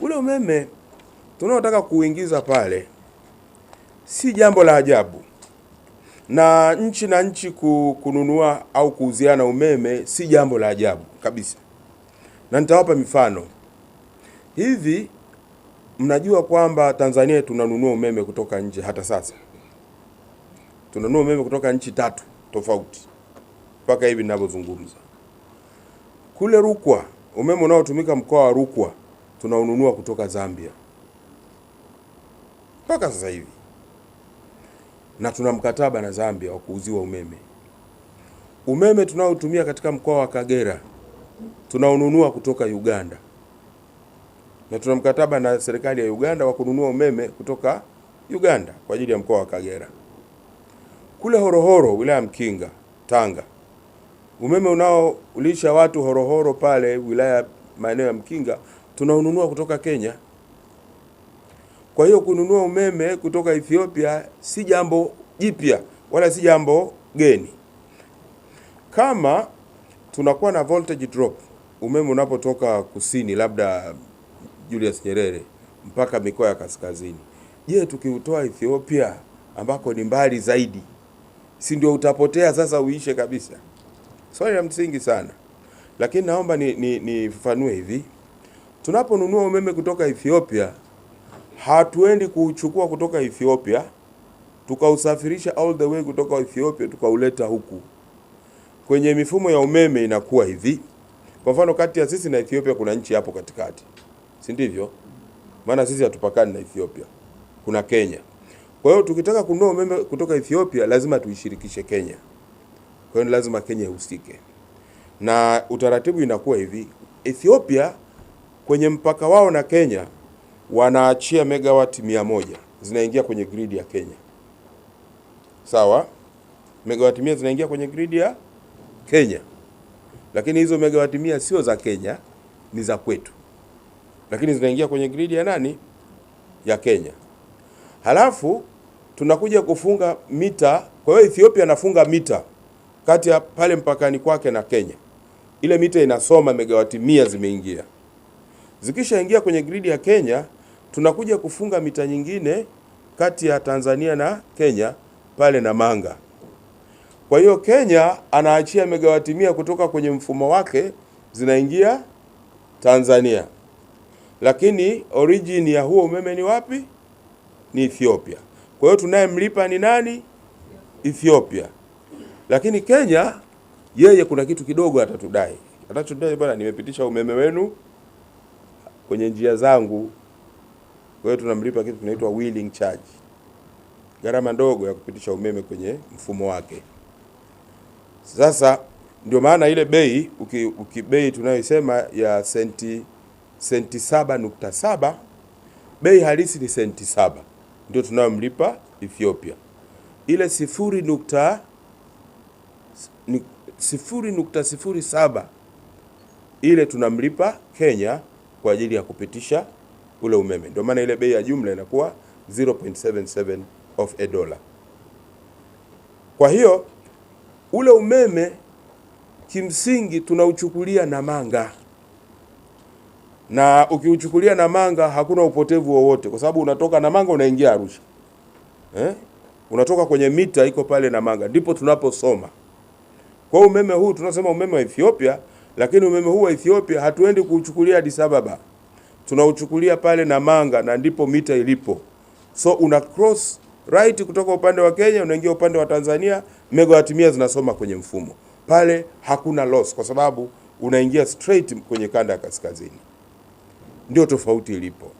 Ule umeme tunaotaka kuingiza pale si jambo la ajabu, na nchi na nchi kununua au kuuziana umeme si jambo la ajabu kabisa, na nitawapa mifano hivi. Mnajua kwamba Tanzania tunanunua umeme kutoka nje, hata sasa tunanunua umeme kutoka nchi tatu tofauti mpaka hivi ninavyozungumza. Kule Rukwa, umeme unaotumika mkoa wa Rukwa tunaununua kutoka Zambia mpaka sasa hivi, na tuna mkataba na Zambia wa kuuziwa umeme. Umeme tunaotumia katika mkoa wa Kagera tunaununua kutoka Uganda, na tuna mkataba na serikali ya Uganda wa kununua umeme kutoka Uganda kwa ajili ya mkoa wa Kagera. Kule Horohoro, wilaya ya Mkinga, Tanga, umeme unaolisha watu Horohoro pale wilaya maeneo ya Mkinga tunaununua kutoka Kenya. Kwa hiyo kununua umeme kutoka Ethiopia si jambo jipya wala si jambo geni. Kama tunakuwa na voltage drop umeme unapotoka kusini, labda Julius Nyerere mpaka mikoa ya kaskazini, je, tukiutoa Ethiopia ambako ni mbali zaidi, si ndio utapotea sasa uishe kabisa? Swali la msingi sana, lakini naomba nifafanue ni, ni hivi Tunaponunua umeme kutoka Ethiopia, hatuendi kuuchukua kutoka Ethiopia tukausafirisha all the way kutoka Ethiopia tukauleta huku. Kwenye mifumo ya umeme inakuwa hivi. Kwa mfano, kati ya sisi na Ethiopia kuna nchi hapo katikati, si ndivyo? Maana sisi hatupakani na Ethiopia, kuna Kenya. Kwa hiyo tukitaka kununua umeme kutoka Ethiopia lazima tuishirikishe Kenya. Kwa hiyo lazima Kenya ihusike, na utaratibu inakuwa hivi Ethiopia kwenye mpaka wao na Kenya wanaachia megawati mia moja zinaingia kwenye gridi ya Kenya. Sawa, megawati mia zinaingia kwenye gridi ya Kenya, lakini hizo megawati mia sio za Kenya, ni za kwetu, lakini zinaingia kwenye gridi ya nani? Ya Kenya. Halafu tunakuja kufunga mita. Kwa hiyo Ethiopia anafunga mita kati ya pale mpakani kwake na Kenya, ile mita inasoma megawati mia zimeingia Zikishaingia kwenye gridi ya Kenya, tunakuja kufunga mita nyingine kati ya Tanzania na Kenya pale Namanga. Kwa hiyo Kenya anaachia megawati mia kutoka kwenye mfumo wake zinaingia Tanzania, lakini origin ya huo umeme ni wapi? Ni Ethiopia. Kwa hiyo tunayemlipa ni nani? Ethiopia. Lakini Kenya yeye kuna kitu kidogo atatudai, atatudai bwana, nimepitisha umeme wenu kwenye njia zangu. Kwa hiyo tunamlipa kitu kinaitwa wheeling charge, gharama ndogo ya kupitisha umeme kwenye mfumo wake. Sasa ndio maana ile bei uki, uki bei tunayoisema ya senti senti saba nukta saba bei halisi ni senti saba ndio tunayomlipa Ethiopia. Ile sifuri nukta sifuri nukta sifuri saba ile tunamlipa Kenya kwa ajili ya kupitisha ule umeme. Ndio maana ile bei ya jumla inakuwa 0.77 of a dollar. Kwa hiyo ule umeme kimsingi tunauchukulia Namanga, na ukiuchukulia Namanga hakuna upotevu wowote, kwa sababu unatoka Namanga unaingia Arusha eh? unatoka kwenye mita iko pale Namanga, ndipo tunaposoma. Kwa umeme huu tunasema umeme wa Ethiopia lakini umeme huu wa Ethiopia hatuendi kuuchukulia Addis Ababa, tunauchukulia pale Namanga na ndipo mita ilipo. So una cross right kutoka upande wa Kenya unaingia upande wa Tanzania, megawatt mia zinasoma kwenye mfumo pale, hakuna loss kwa sababu unaingia straight kwenye kanda ya kaskazini. Ndio tofauti ilipo.